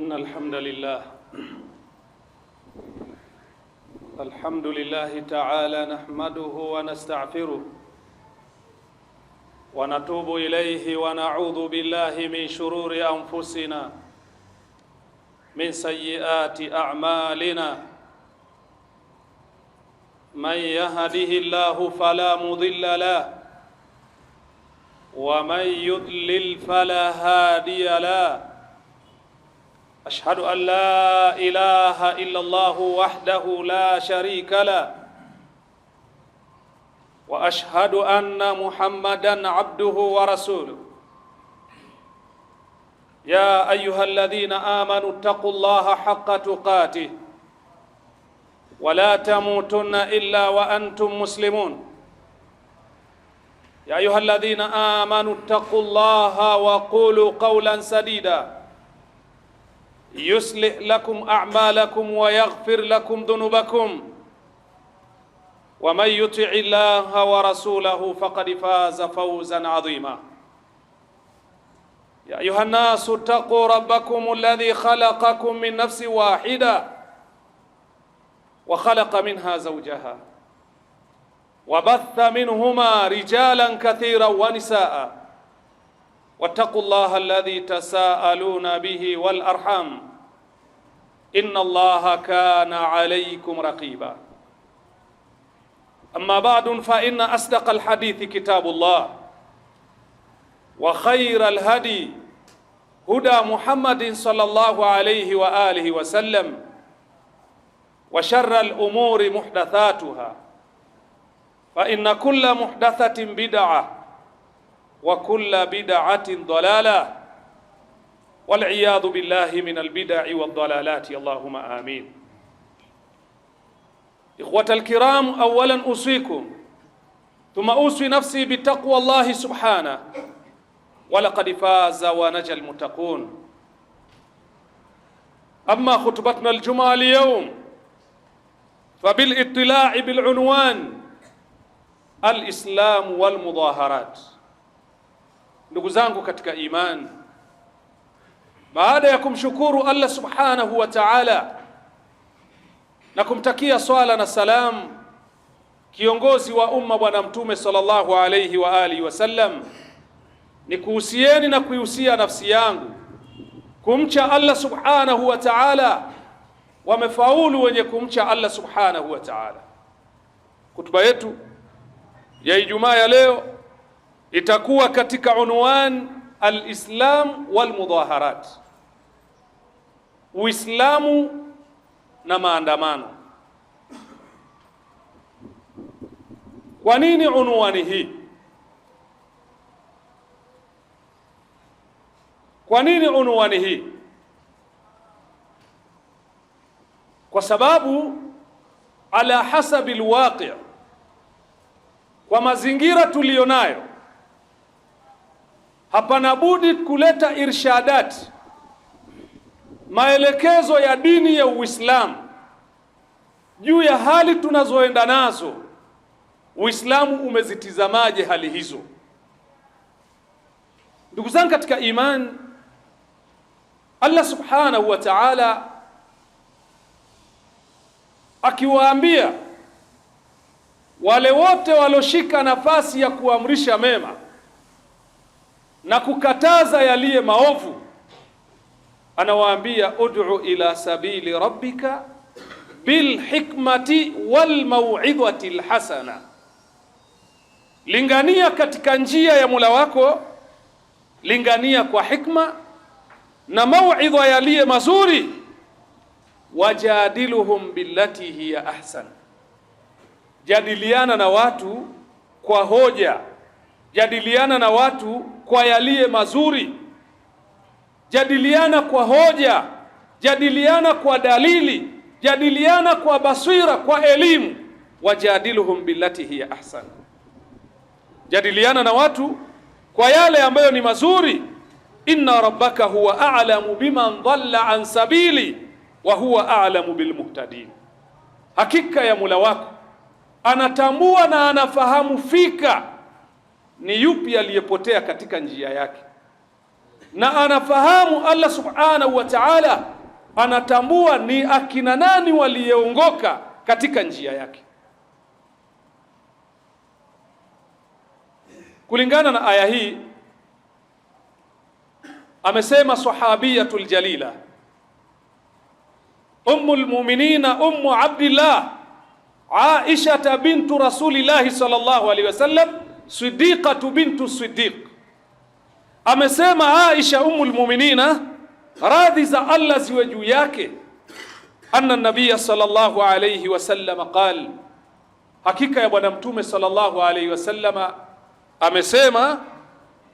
إن الحمد لله الحمد لله تعالى نحمده ونستعفره ونتوب إليه ونعوذ بالله من شرور أنفسنا من سيئات أعمالنا من يهده الله فلا مضل له ومن يضلل فلا هادي له أشهد أن لا إله إلا الله وحده لا شريك له وأشهد أن محمدا عبده ورسوله يا أيها الذين آمنوا اتقوا الله حق تقاته ولا تموتن إلا وأنتم مسلمون يا أيها الذين آمنوا اتقوا الله وقولوا قولا سديدا يصلح لكم أعمالكم ويغفر لكم ذنوبكم ومن يطع الله ورسوله فقد فاز فوزا عظيما يا أيها الناس اتقوا ربكم الذي خلقكم من نفس واحدة وخلق منها زوجها وبث منهما رجالا كثيرا ونساء واتقوا الله الذي تساءلون به والأرحام إن الله كان عليكم رقيبا أما بعد فإن أصدق الحديث كتاب الله وخير الهدي هدى محمد صلى الله عليه وآله وسلم وشر الأمور محدثاتها فإن كل محدثة بدعة وكل بدعة ضلالة والعياذ بالله من البدع والضلالات اللهم آمين إخوة الكرام أولا أوصيكم ثم أوصي نفسي بتقوى الله سبحانه ولقد فاز ونجى المتقون أما خطبتنا الجمعة اليوم فبالاطلاع بالعنوان الإسلام والمظاهرات ndugu zangu katika Baada ya kumshukuru Allah subhanahu wa ta'ala na kumtakia swala na salamu kiongozi wa umma Bwana Mtume sallallahu alayhi wa alihi wasallam, ni kuhusieni na kuihusia nafsi yangu kumcha Allah subhanahu wa ta'ala. Wamefaulu wenye kumcha Allah subhanahu wa ta'ala. Kutuba yetu ya Ijumaa ya leo itakuwa katika unwan al-Islam wal mudhaharat Uislamu na maandamano. Kwa nini unwani hii? Kwa nini unwani hii? Kwa sababu ala hasabi alwaqi, kwa mazingira tuliyonayo, hapana budi kuleta irshadati maelekezo ya dini ya Uislamu juu ya hali tunazoenda nazo. Uislamu umezitizamaje hali hizo? Ndugu zangu katika imani, Allah subhanahu wa ta'ala akiwaambia wale wote waloshika nafasi ya kuamrisha mema na kukataza yaliye maovu anawaambia ud'u ila sabili rabbika bil hikmati wal mau'izati lhasana, lingania katika njia ya mula wako, lingania kwa hikma na mau'idha yaliye mazuri. Wajadiluhum billati hiya ahsan, jadiliana na watu kwa hoja, jadiliana na watu kwa yaliye mazuri jadiliana kwa hoja, jadiliana kwa dalili, jadiliana kwa basira, kwa elimu. Wajadiluhum billati hiya ahsan, jadiliana na watu kwa yale ambayo ni mazuri. Inna rabbaka huwa a'lamu biman dhalla an sabili wa huwa a'lamu bilmuhtadin, hakika ya mula wako anatambua na anafahamu fika ni yupi aliyepotea katika njia yake na anafahamu Allah subhanahu wa ta'ala anatambua ni akina nani waliyeongoka katika njia yake, kulingana na aya hii. Amesema sahabiyatul jalila ummul mu'minina ummu abdillah Aisha bintu rasulillahi sallallahu alaihi wasallam siddiqatu bintu siddiq amesema Aisha umul muminina, radhi za Allah ziwe juu yake, anna nabiya sallallahu alayhi wasallam qal, hakika ya bwana mtume sallallahu alayhi wasallam amesema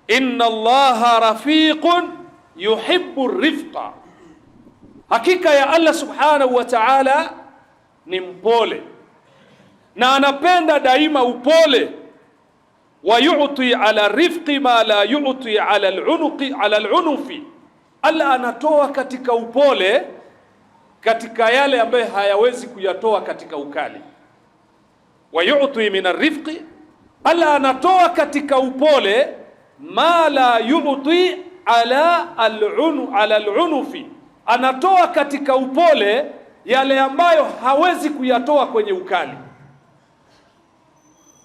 inna allaha rafiqun yuhibbu rifqa, hakika ya Allah subhanahu wa ta'ala ni mpole na anapenda daima upole wa yu'ti ala rifqi ma la yu'ti ala al'unuqi ala al'unufi, Allah anatoa katika upole katika yale ambayo hayawezi kuyatoa katika ukali. Wa yu'ti min arifqi, Allah anatoa katika upole ma la yu'ti ala al'unu ala al'unufi, anatoa katika upole yale ambayo hawezi kuyatoa kwenye ukali.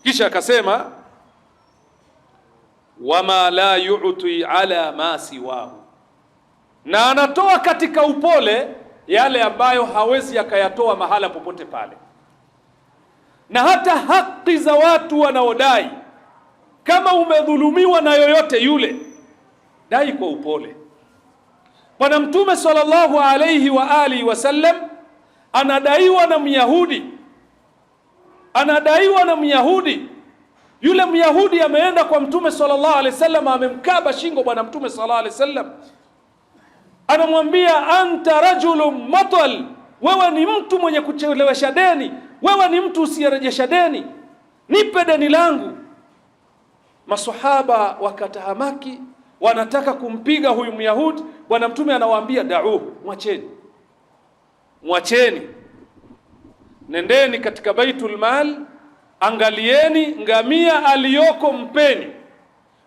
Kisha akasema wama la yu'ti ala ma siwahu, na anatoa katika upole yale ambayo hawezi akayatoa mahala popote pale, na hata haki za watu wanaodai. Kama umedhulumiwa na yoyote yule, dai kwa upole. Bwana Mtume sallallahu alayhi wa alihi wasallam anadaiwa na Myahudi, anadaiwa na Myahudi yule Myahudi ameenda kwa Mtume sallallahu alaihi wasallam, amemkaba shingo bwana Mtume sallallahu alaihi wasallam, anamwambia anta rajulun matal, wewe ni mtu mwenye kuchelewesha deni, wewe ni mtu usiyerejesha deni, nipe deni langu. Masahaba wakatahamaki, wanataka kumpiga huyu Myahudi. Bwana Mtume anawaambia dauhu, mwacheni, mwacheni, nendeni katika Baitul Mal angalieni ngamia aliyoko mpeni.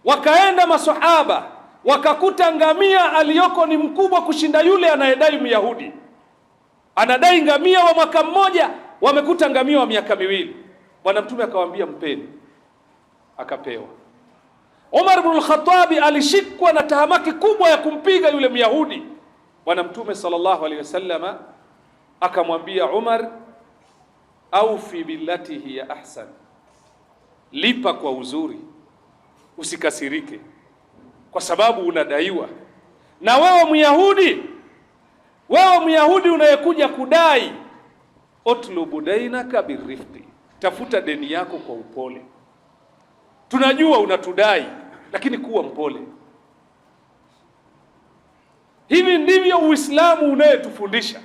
Wakaenda masahaba wakakuta ngamia aliyoko ni mkubwa kushinda yule anayedai Myahudi, anadai ngamia wa mwaka mmoja, wamekuta ngamia wa miaka miwili. Bwana Mtume akawaambia mpeni, akapewa. Umar bin al alishikwa na tahamaki kubwa ya kumpiga yule Myahudi. Bwana Mtume sallallahu alaihi wasallama akamwambia Umar au fi billati hiya ahsan, lipa kwa uzuri, usikasirike kwa sababu unadaiwa. Na wewe Myahudi, wewe Myahudi unayekuja kudai, utlubu dainaka birifqi, tafuta deni yako kwa upole. Tunajua unatudai, lakini kuwa mpole. Hivi ndivyo Uislamu unayetufundisha.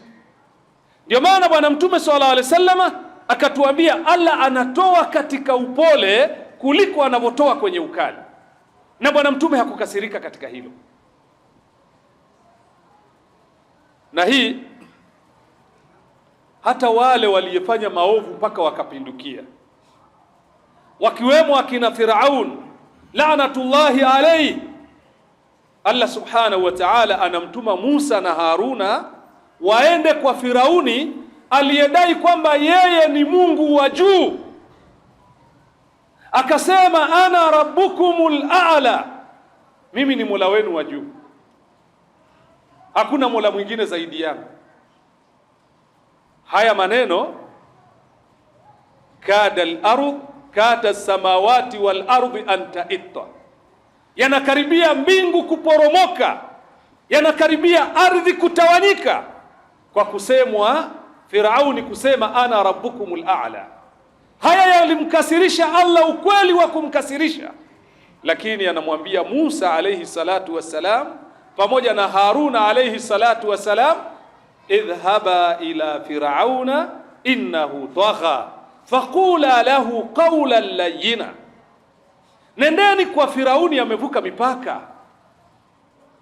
Ndio maana Bwana Mtume sallallahu alaihi wasallama akatuambia Allah anatoa katika upole kuliko anavyotoa kwenye ukali, na Bwana Mtume hakukasirika katika hilo. Na hii hata wale waliyefanya maovu mpaka wakapindukia, wakiwemo akina Firaun laanatullahi alayhi, Allah subhanahu wa ta'ala anamtuma Musa na Haruna waende kwa Firauni aliyedai kwamba yeye ni Mungu wa juu akasema, ana rabbukumul a'la, mimi ni mola wenu wa juu, hakuna mola mwingine zaidi yangu. Haya maneno kada al-ardh kada samawati wal ardhi an taitta, yanakaribia mbingu kuporomoka, yanakaribia ardhi kutawanyika kwa kusemwa Firauni kusema ana rabbukumul a'la. Haya yalimkasirisha Allah, ukweli wa kumkasirisha, lakini anamwambia Musa alayhi salatu wassalam pamoja na Haruna alayhi salatu wassalam, idhhaba ila firauna innahu tagha faqula lahu qawlan layyina, nendeni kwa Firauni amevuka mipaka,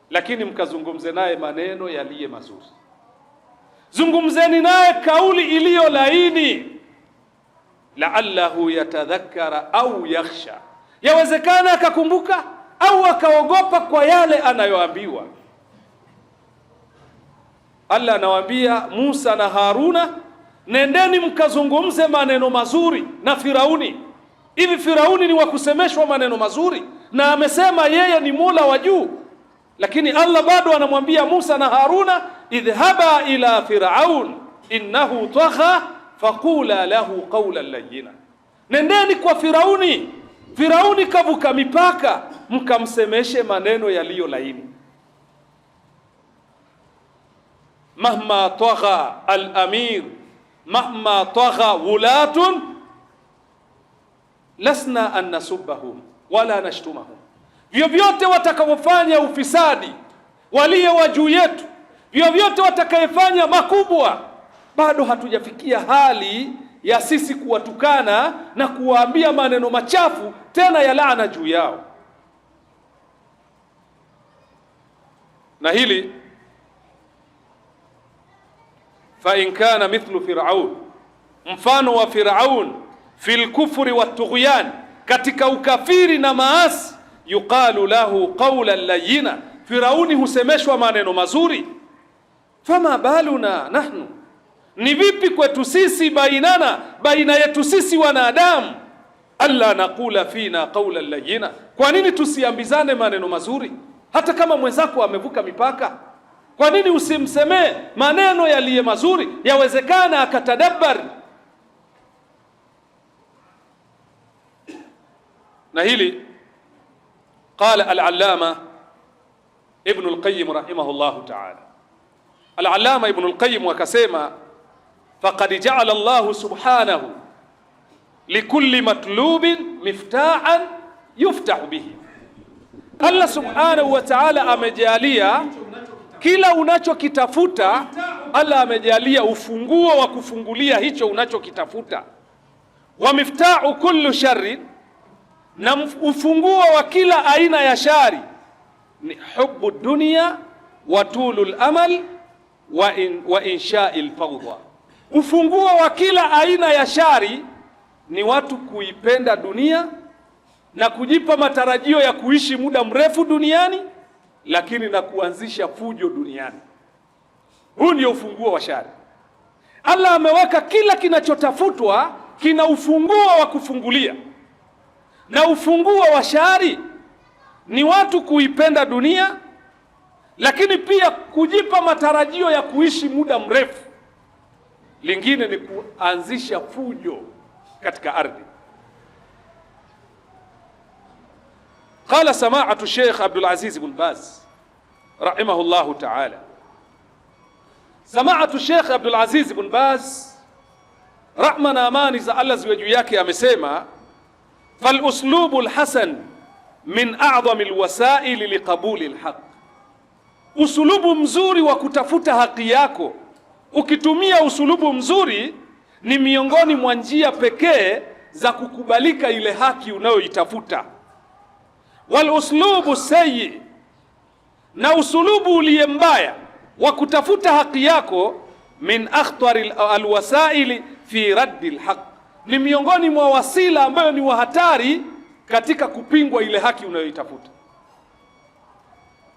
lakini mkazungumze naye maneno yaliye mazuri zungumzeni naye kauli iliyo laini, laallahu yatadhakkara au yakhsha, yawezekana akakumbuka au akaogopa kwa yale anayoambiwa. Allah anawaambia Musa na Haruna, nendeni mkazungumze maneno mazuri na Firauni. Hivi Firauni ni wa kusemeshwa maneno mazuri, na amesema yeye ni Mola wa juu, lakini Allah bado anamwambia Musa na Haruna idhhaba ila Firaun innahu tagha faqula lahu qawlan layyina, nendeni kwa Firauni, Firauni kavuka mipaka, mkamsemeshe maneno yaliyo laini. Mahma tagha al-amir mahma tagha wulatun lasna an nasubbahum wala nashtumahum, vyovyote watakavyofanya ufisadi waliye wa juu yetu vyovyote watakayefanya makubwa, bado hatujafikia hali ya sisi kuwatukana na kuwaambia maneno machafu tena ya laana juu yao. Na hili fa in kana mithlu Firaun, mfano wa Firaun fil kufri wa tughyan, katika ukafiri na maasi, yuqalu lahu qawlan layyina, Firauni husemeshwa maneno mazuri fama baluna nahnu, ni vipi kwetu sisi, bainana, baina yetu sisi wanadamu, alla naqula fina qaulan layyina, kwa nini tusiambizane maneno mazuri? Hata kama mwenzako amevuka mipaka, kwa nini usimsemee maneno yaliye mazuri? Yawezekana akatadabbari na hili qala al-allama Ibn al-Qayyim rahimahullahu ta'ala Al-Allama Ibn al-Qayyim akasema faqad ja'ala Allahu subhanahu likulli matlubin miftahan yuftahu bihi, Allah subhanahu wa ta'ala amejalia kila unachokitafuta, Allah amejalia ufunguo wa kufungulia hicho unachokitafuta. Wa miftahu kullu sharri, na ufunguo wa kila aina ya shari ni hubu dunia wa tulul amal wa, in, wa insha'i lfaudha. Ufunguo wa kila aina ya shari ni watu kuipenda dunia na kujipa matarajio ya kuishi muda mrefu duniani, lakini na kuanzisha fujo duniani. Huu ndio ufunguo wa shari. Allah ameweka kila kinachotafutwa kina ufunguo wa kufungulia, na ufunguo wa shari ni watu kuipenda dunia lakini pia kujipa matarajio ya kuishi muda mrefu. Lingine ni kuanzisha fujo katika ardhi. Qala samaatu Sheikh Abdul Aziz bin Baz rahimahu taala, samaatu Sheikh Abdul Aziz bin Baz rahma na amani za Allah ziwe juu yake amesema, faluslubu lhasan min a'dhami lwasaili liqabuli lhaq usulubu mzuri wa kutafuta haki yako. Ukitumia usulubu mzuri, ni miongoni mwa njia pekee za kukubalika ile haki unayoitafuta. Wal uslubu sayi, na usulubu uliye mbaya wa kutafuta haki yako, min akhtari alwasaili fi raddi lhaq, ni miongoni mwa wasila ambayo ni wahatari katika kupingwa ile haki unayoitafuta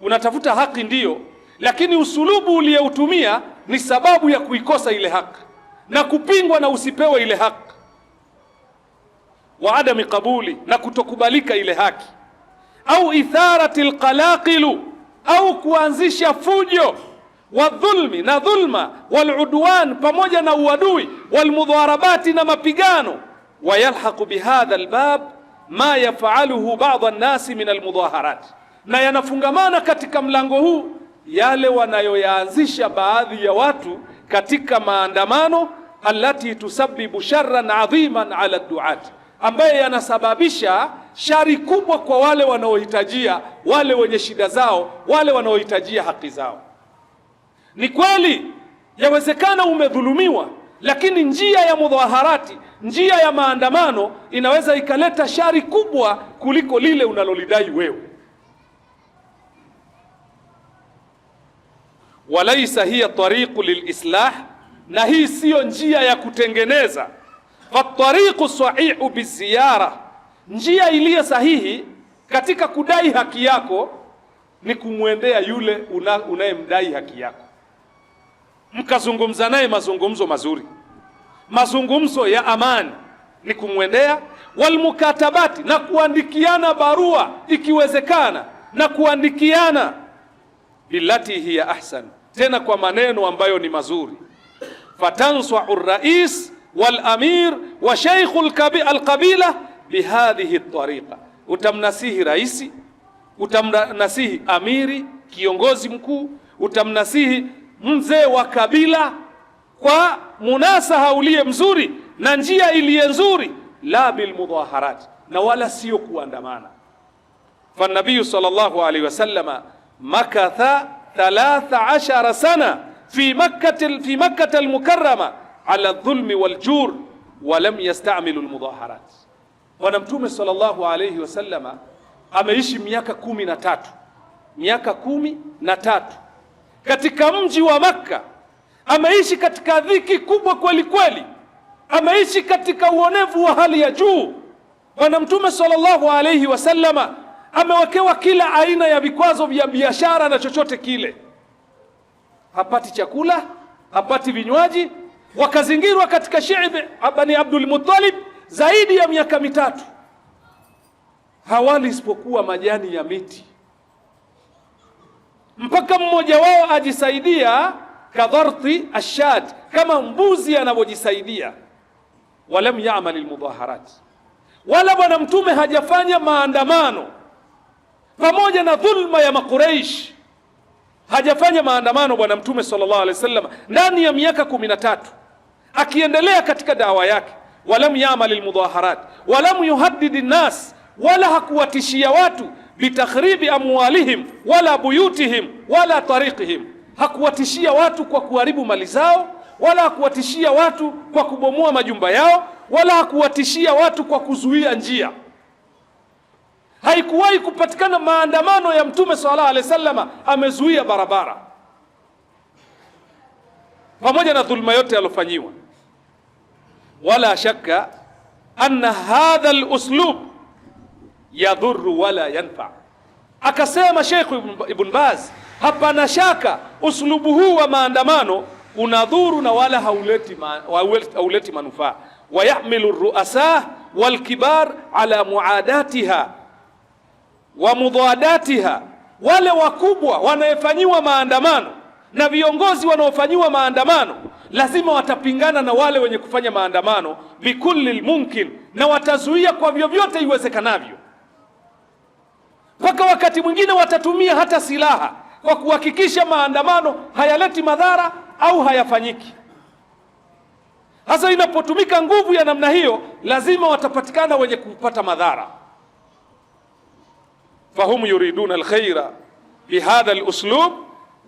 unatafuta haki ndiyo, lakini usulubu uliyoutumia ni sababu ya kuikosa ile haki na kupingwa na usipewe ile haki, wa adami qabuli, na kutokubalika ile haki, au itharati lqalaqilu, au kuanzisha fujo wa dhulmi na dhulma, waludwan pamoja na uadui, walmudharabati na mapigano. Wayalhaqu bihadha albab ma yafaluhu ba'd an min almudhaharati na yanafungamana katika mlango huu yale wanayoyaanzisha baadhi ya watu katika maandamano allati tusabibu sharran adhiman ala duati, ambaye yanasababisha shari kubwa kwa wale wanaohitajia, wale wenye shida zao, wale wanaohitajia haki zao. Ni kweli yawezekana umedhulumiwa, lakini njia ya mudhaharati, njia ya maandamano inaweza ikaleta shari kubwa kuliko lile unalolidai wewe. walaisa hiya tariqu lilislah, na hii siyo njia ya kutengeneza. Fatariqu sahihu biziyara, njia iliyo sahihi katika kudai haki yako ni kumwendea yule unayemdai haki yako, mkazungumza naye mazungumzo mazuri, mazungumzo ya amani ni kumwendea walmukatabati, na kuandikiana barua ikiwezekana, na kuandikiana billati hiya ahsan tena kwa maneno ambayo ni mazuri, fatanswau rais wal amir wa shaykhu alqabila bihadhihi tariqa, utamnasihi raisi, utamnasihi amiri, kiongozi mkuu, utamnasihi mzee wa kabila kwa munasaha uliye mzuri na njia iliye nzuri, la bilmudhaharati, na wala sio kuandamana. Fanabiyu sallallahu alaihi wasallama makatha thalatha sana fi makkati fi makkati almukarrama ala dhulmi waljur wa lam yastamilu almudhaharat. Bwana Mtume sallallahu alayhi wasallama ameishi miaka kumi na tatu miaka kumi na tatu katika mji wa Makka, ameishi katika dhiki kubwa kweli kweli, ameishi katika uonevu wa hali ya juu. Bwana Mtume sallallahu alayhi wasallama amewekewa kila aina ya vikwazo vya biashara na chochote kile, hapati chakula, hapati vinywaji. Wakazingirwa katika Shiibi Bani Abdul Muttalib zaidi ya miaka mitatu, hawali isipokuwa majani ya miti, mpaka mmoja wao ajisaidia kadharti ashad, kama mbuzi anavyojisaidia. Walam yamal lmudhaharat, wala Bwana Mtume hajafanya maandamano pamoja na dhulma ya Makureishi hajafanya maandamano Bwana Mtume sallallahu alaihi wasallam ndani ya miaka kumi na tatu akiendelea katika dawa yake, walam yamal lmudhaharat walam yuhadidi nnas, wala hakuwatishia watu bitakhribi amwalihim wala buyutihim wala tariqihim, hakuwatishia watu kwa kuharibu mali zao, wala hakuwatishia watu kwa kubomoa majumba yao, wala hakuwatishia watu kwa kuzuia njia haikuwahi kupatikana maandamano ya Mtume sallallahu alaihi wasallam amezuia barabara, pamoja na dhulma yote alofanyiwa. Wala shaka anna hadha al-uslub yadhuru wala yanfa. Akasema Sheikh Ibn Baz, hapana shaka uslubu huu wa maandamano unadhuru na wala hauleti, ma, hauleti manufaa. Wayahmilu ruasa walkibar ala muadatiha wa mudhadatiha, wale wakubwa wanayefanyiwa maandamano na viongozi wanaofanyiwa maandamano lazima watapingana na wale wenye kufanya maandamano, bikulli mumkin, na watazuia kwa vyovyote iwezekanavyo. Mpaka wakati mwingine watatumia hata silaha kwa kuhakikisha maandamano hayaleti madhara au hayafanyiki. Hasa inapotumika nguvu ya namna hiyo, lazima watapatikana wenye kupata madhara fahum yuriduna alkhaira bihadha aluslub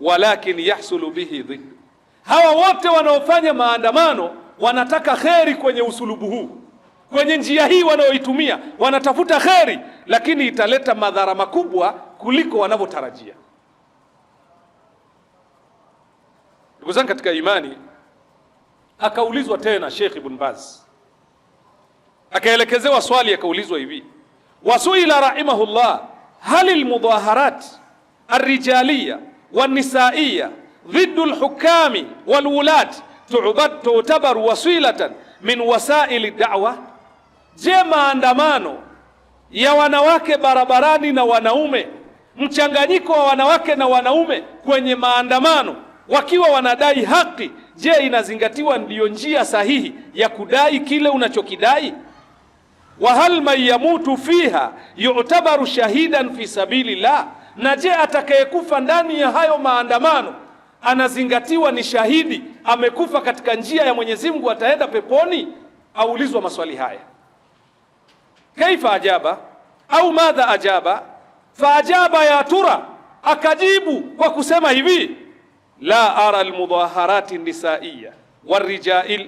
walakin yahsulu bihi dhiddu. Hawa wote wanaofanya maandamano wanataka kheri kwenye usulubu huu, kwenye njia hii wanayoitumia, wanatafuta kheri, lakini italeta madhara makubwa kuliko wanavyotarajia. Ndugu zangu katika imani, akaulizwa tena Sheikh Ibn Baz akaelekezewa swali, akaulizwa hivi, wasuila rahimahullah hali almudhaharat arrijaliya wanisaiya dhiddu alhukami walwulat tutabaru wasilatan min wasaili da'wa, je, maandamano ya wanawake barabarani na wanaume, mchanganyiko wa wanawake na wanaume kwenye maandamano wakiwa wanadai haki, je, inazingatiwa ndiyo njia sahihi ya kudai kile unachokidai? wa hal man yamutu fiha yu'tabaru shahidan fi sabili la, na je atakayekufa ndani ya hayo maandamano anazingatiwa ni shahidi, amekufa katika njia ya Mwenyezi Mungu, ataenda peponi? Aulizwa maswali haya, kaifa ajaba au madha ajaba, faajaba ya tura, akajibu kwa kusema hivi la ara almudhaharati nisaiya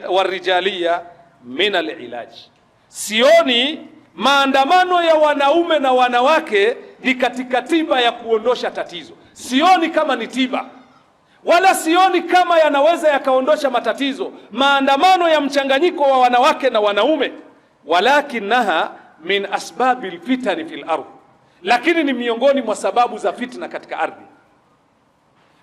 warijaliya min alilaji sioni maandamano ya wanaume na wanawake ni katika tiba ya kuondosha tatizo. Sioni kama ni tiba, wala sioni kama yanaweza yakaondosha matatizo maandamano ya mchanganyiko wa wanawake na wanaume, walakinaha min asbabi lfitani fi lardh lakini ni miongoni mwa sababu za fitna katika ardhi.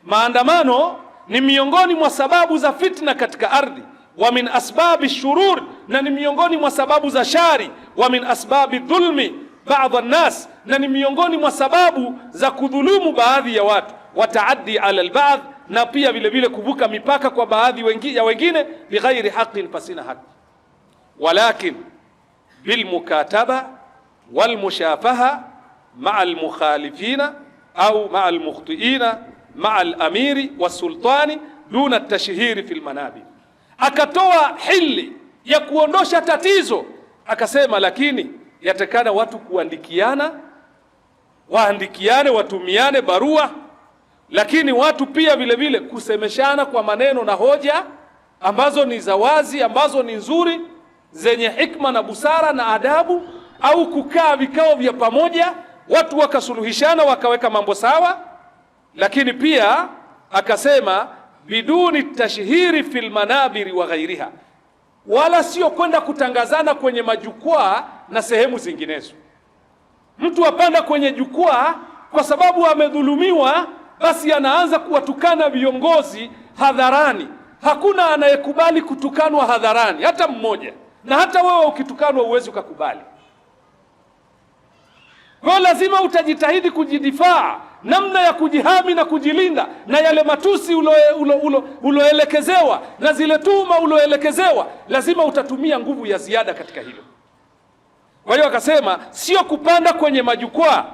Maandamano ni miongoni mwa sababu za fitna katika ardhi wa min asbabi shurur, na ni miongoni mwa sababu za shari. Wa min asbabi dhulmi baadhi nnas, na ni miongoni mwa sababu za kudhulumu baadhi ya watu. Wa taaddi ala lbaadh, na pia vile vile kuvuka mipaka kwa baadhi wengi, ya wengine bighairi haqin, pasina haki. Walakin bilmukataba walmushafaha maa almukhalifina au maa almukhtiina maa alamiri wasultani duna tashhiri fi lmanabi akatoa hili ya kuondosha tatizo, akasema lakini yatakana watu kuandikiana, waandikiane, watumiane barua, lakini watu pia vile vile kusemeshana kwa maneno na hoja ambazo ni za wazi, ambazo ni nzuri, zenye hikma na busara na adabu, au kukaa vikao vya pamoja, watu wakasuluhishana, wakaweka mambo sawa. Lakini pia akasema biduni tashhiri fil manabiri wa ghairiha, wala sio kwenda kutangazana kwenye majukwaa na sehemu zinginezo. Mtu apanda kwenye jukwaa kwa sababu amedhulumiwa, basi anaanza kuwatukana viongozi hadharani. Hakuna anayekubali kutukanwa hadharani, hata mmoja. Na hata wewe ukitukanwa huwezi ukakubali. Kwa lazima utajitahidi kujidifaa namna ya kujihami na kujilinda na yale matusi ulioelekezewa ulo, ulo, na zile tuma ulioelekezewa, lazima utatumia nguvu ya ziada katika hilo. Kwa hiyo akasema sio kupanda kwenye majukwaa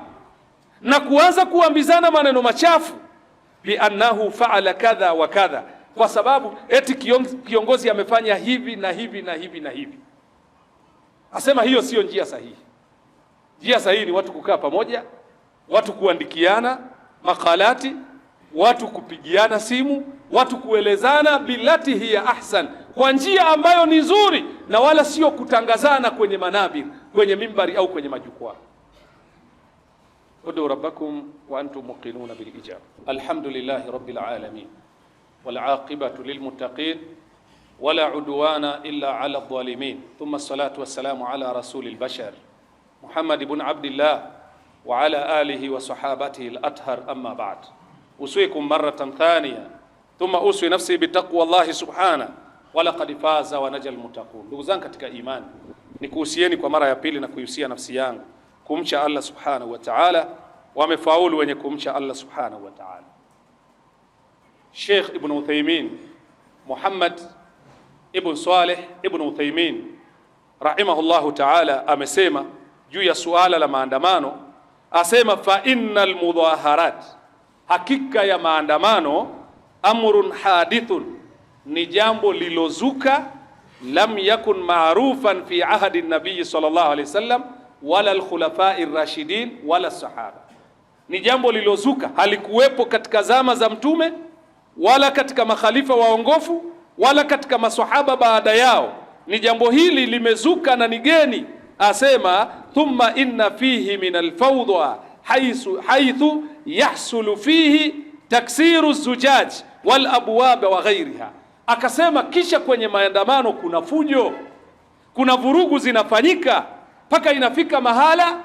na kuanza kuambizana maneno machafu biannahu faala kadha wa kadha, kwa sababu eti kiongozi amefanya hivi na hivi na hivi na hivi. Asema hiyo siyo njia sahihi. Njia sahihi ni watu kukaa pamoja watu kuandikiana makalati, watu kupigiana simu, watu kuelezana bilati hiya ahsan, kwa njia ambayo ni nzuri, na wala sio kutangazana kwenye manabir, kwenye mimbari au kwenye majukwaa. Udu rabbakum wa antum muqinuna bil ijaba. Alhamdulillahi rabbil alamin wal aqibatu lil muttaqin wala udwana illa ala dhalimin thumma salatu wassalamu ala rasulil bashar Muhammad ibn Abdillah wa ala alihi wa sahabatihi al-athar amma ba'd uswikum marratan thaniya thumma uswi nafsi bitaqwa Allah subhana wa laqad faza wa najal muttaqun. Ndugu zangu katika imani, nikuhusieni kwa mara ya pili na kuihusia nafsi yangu kumcha Allah subhanahu wa ta'ala. Wamefaulu wenye kumcha Allah subhanahu wa ta'ala. Sheikh Ibn Uthaymeen Muhammad Ibn Saleh Ibn Uthaymeen rahimahullahu ta'ala amesema juu ya suala la maandamano asema fa innal mudhaharat, hakika ya maandamano, amrun hadithun, ni jambo lilozuka, lam yakun marufan fi ahadi nabii sallallahu alaihi wasallam wala alkhulafai rashidin wala sahaba, ni jambo lilozuka, halikuwepo katika zama za Mtume wala katika makhalifa waongofu wala katika maswahaba baada yao. Ni jambo hili limezuka na ni geni asema thumma inna fihi min alfawdha haithu, haithu yahsulu fihi taksiru zujaj wal abwaba wa ghairiha. Akasema kisha kwenye maandamano kuna fujo, kuna vurugu zinafanyika mpaka inafika mahala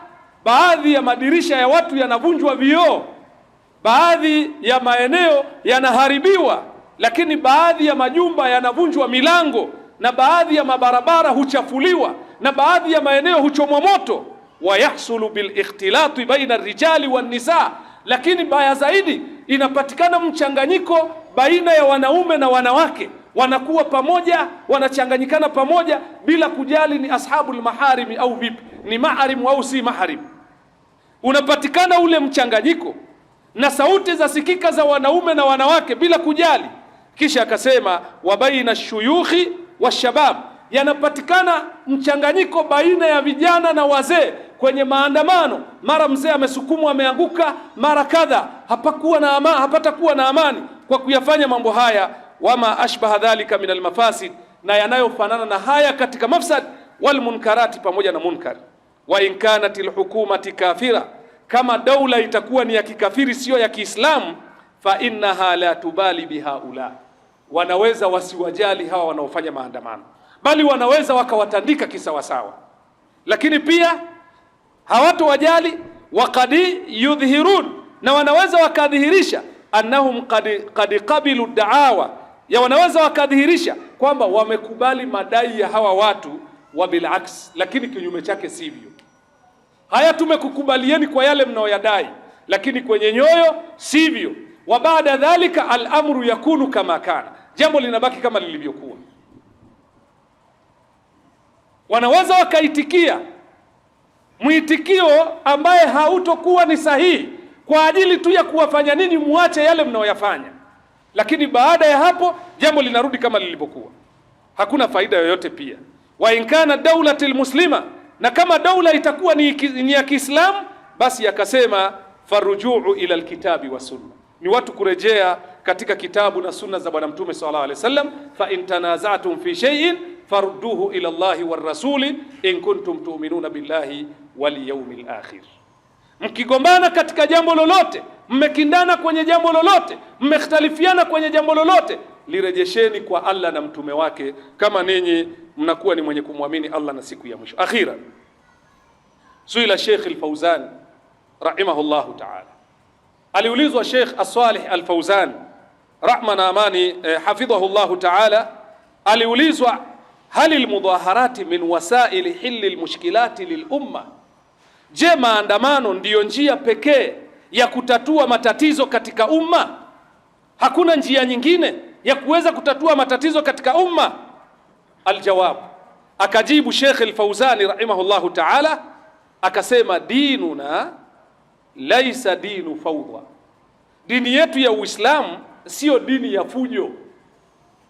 baadhi ya madirisha ya watu yanavunjwa vioo, baadhi ya maeneo yanaharibiwa, lakini baadhi ya majumba yanavunjwa milango na baadhi ya mabarabara huchafuliwa na baadhi ya maeneo huchomwa moto. Wayahsulu bilikhtilati baina rijali nisa, lakini baya zaidi inapatikana mchanganyiko baina ya wanaume na wanawake, wanakuwa pamoja, wanachanganyikana pamoja bila kujali ni ashabu maharimi au vipi, ni maharimu au si maharimu, unapatikana ule mchanganyiko na sauti za sikika za wanaume na wanawake bila kujali. Kisha akasema wa baina shuyukhi washababu yanapatikana mchanganyiko baina ya vijana na wazee kwenye maandamano. Mara mzee amesukumwa, ameanguka mara kadha, hapakuwa na ama, hapatakuwa na amani kwa kuyafanya mambo haya. Wama ashbaha dhalika min almafasid, na yanayofanana na haya katika mafsad walmunkarati, pamoja na munkar. Wa in kanat alhukumati kafira, kama daula itakuwa ni ya kikafiri, siyo ya Kiislamu, fa innaha la tubali bihaula, wanaweza wasiwajali hawa wanaofanya maandamano bali wanaweza wakawatandika kisawasawa, lakini pia wajali waqad yudhhirun, na wanaweza wakadhihirisha annahum qad qad qabilu daawa ya, wanaweza wakadhihirisha kwamba wamekubali madai ya hawa watu wa bilaks, lakini kinyume chake sivyo. Haya, tumekukubalieni kwa yale mnaoyadai, lakini kwenye nyoyo sivyo. Wa baada dhalika al amru yakunu kama kana, jambo linabaki kama lilivyokuwa wanaweza wakaitikia mwitikio ambaye hautokuwa ni sahihi kwa ajili tu ya kuwafanya nini, muache yale mnaoyafanya, lakini baada ya hapo jambo linarudi kama lilivyokuwa, hakuna faida yoyote. Pia wa inkana daulati lmuslima na kama daula itakuwa ni, ni ya Kiislamu, basi akasema farujuu ila lkitabi wa sunna, ni watu kurejea katika kitabu na sunna za Bwana Mtume sallallahu alaihi wasallam, fa in tanazatum fi shay'in farudduhu ila Allahi war rasuli in kuntum tu'minuna billahi wal yawmil akhir. Mkigombana katika jambo lolote, mmekindana kwenye jambo lolote, mmekhtalifiana kwenye jambo lolote, lirejesheni kwa Allah na mtume wake, kama ninyi mnakuwa ni mwenye kumwamini Allah na siku ya mwisho. Akhira, suila Sheikh al-Fauzan rahimahullahu ta'ala, aliulizwa Sheikh As-Salih al-Fauzan rahma na amani eh, hafidhahu llahu taala aliulizwa hal lmudhaharati min wasaili hili lmushkilati lilumma, je, maandamano ndiyo njia pekee ya kutatua matatizo katika umma? Hakuna njia nyingine ya kuweza kutatua matatizo katika umma? Aljawab, akajibu Shekhe lfauzani fauzani rahimahullahu taala akasema, dinuna laisa dinu faudha, dini yetu ya Uislamu sio dini ya fujo,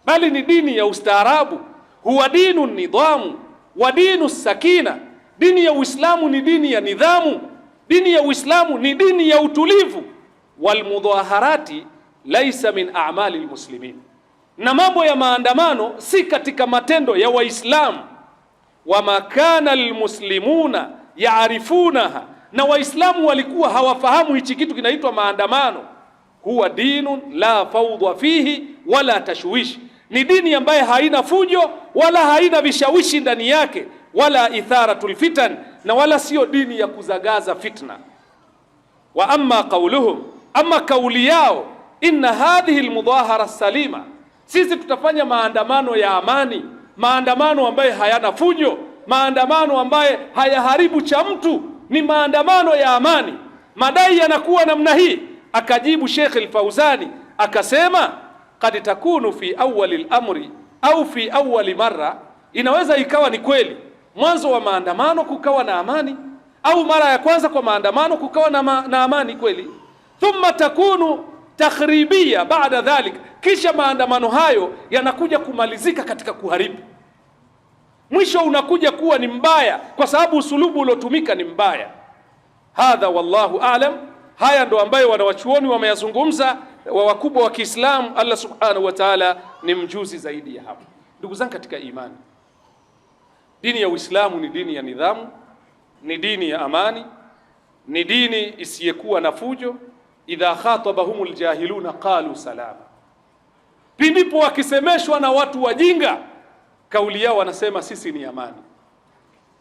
bali ni dini ya ustaarabu. Huwa dinu nidhamu wa dinu sakina, dini ya Uislamu ni dini ya nidhamu, dini ya Uislamu ni dini ya utulivu. Walmudhaharati laisa min a'mali lmuslimin, na mambo ya maandamano si katika matendo ya Waislamu. Wama kana lmuslimuna yaarifunaha, na Waislamu walikuwa hawafahamu hichi kitu kinaitwa maandamano huwa dinun la faudha fihi wala tashwishi, ni dini ambaye haina fujo wala haina vishawishi ndani yake, wala itharatul fitan, na wala siyo dini ya kuzagaza fitna. Wa amma qauluhum, ama kauli yao, inna hadhihi almudahara salima, sisi tutafanya maandamano ya amani, maandamano ambaye hayana fujo, maandamano ambaye hayaharibu cha mtu, ni maandamano ya amani. Madai yanakuwa namna hii Akajibu Sheikh al-Fauzani akasema, kad takunu fi awali al-amri au fi awali marra, inaweza ikawa ni kweli mwanzo wa maandamano kukawa na amani, au mara ya kwanza kwa maandamano kukawa na, ma na amani kweli. Thumma takunu takhribia baada dhalik, kisha maandamano hayo yanakuja kumalizika katika kuharibu, mwisho unakuja kuwa ni mbaya, kwa sababu usulubu uliotumika ni mbaya. Hadha wallahu a'lam. Haya ndo ambayo wanawachuoni wameyazungumza wa wakubwa wa Kiislamu. Allah subhanahu wa taala ni mjuzi zaidi ya hapo. Ndugu zangu katika imani, dini ya Uislamu ni dini ya nidhamu, ni dini ya amani, ni dini isiyekuwa na fujo. Idha khatabahum ljahiluna qalu salama, pindipo wakisemeshwa na watu wajinga, kauli yao wanasema sisi ni amani.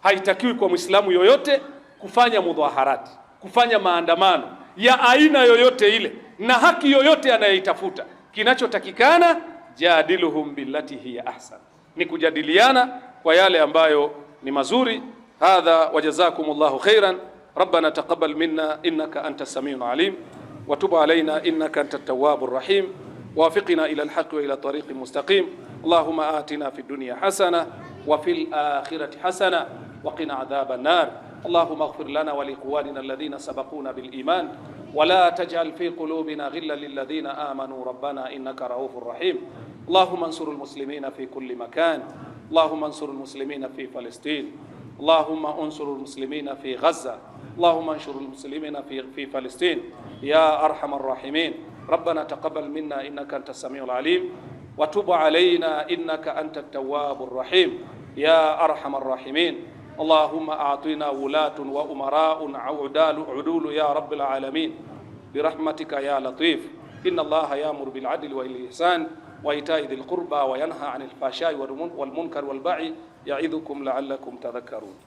Haitakiwi kwa mwislamu yoyote kufanya mudhaharati, kufanya maandamano ya aina yoyote ile na haki yoyote anayeitafuta. Kinachotakikana jadiluhum billati hiya ahsan, ni kujadiliana kwa yale ambayo ni mazuri. Hadha wajazakumullahu khairan rabbana taqabbal minna innaka anta samiun alim wa tub alaina innaka anta tawwabur rahim wafiqna ila alhaqi wa ila tariqi mustaqim allahumma atina fid dunya hasana wa fil akhirati hasana wa qina adhaban nar اللهم اغفر لنا ولاخواننا الذين سبقونا بالايمان ولا تجعل في قلوبنا غلا للذين امنوا ربنا انك رؤوف رحيم اللهم انصر المسلمين في كل مكان اللهم انصر المسلمين في فلسطين اللهم انصر المسلمين في غزه اللهم انصر المسلمين في في فلسطين يا ارحم الراحمين ربنا تقبل منا انك انت السميع العليم وتب علينا انك انت التواب الرحيم يا ارحم الراحمين اللهم أعطنا ولاة وأمراء عدال عدول يا رب العالمين برحمتك يا لطيف إن الله يأمر بالعدل والإحسان وإيتاء ذي القربى وينهى عن الفحشاء والمنكر والبغي يعظكم لعلكم تذكرون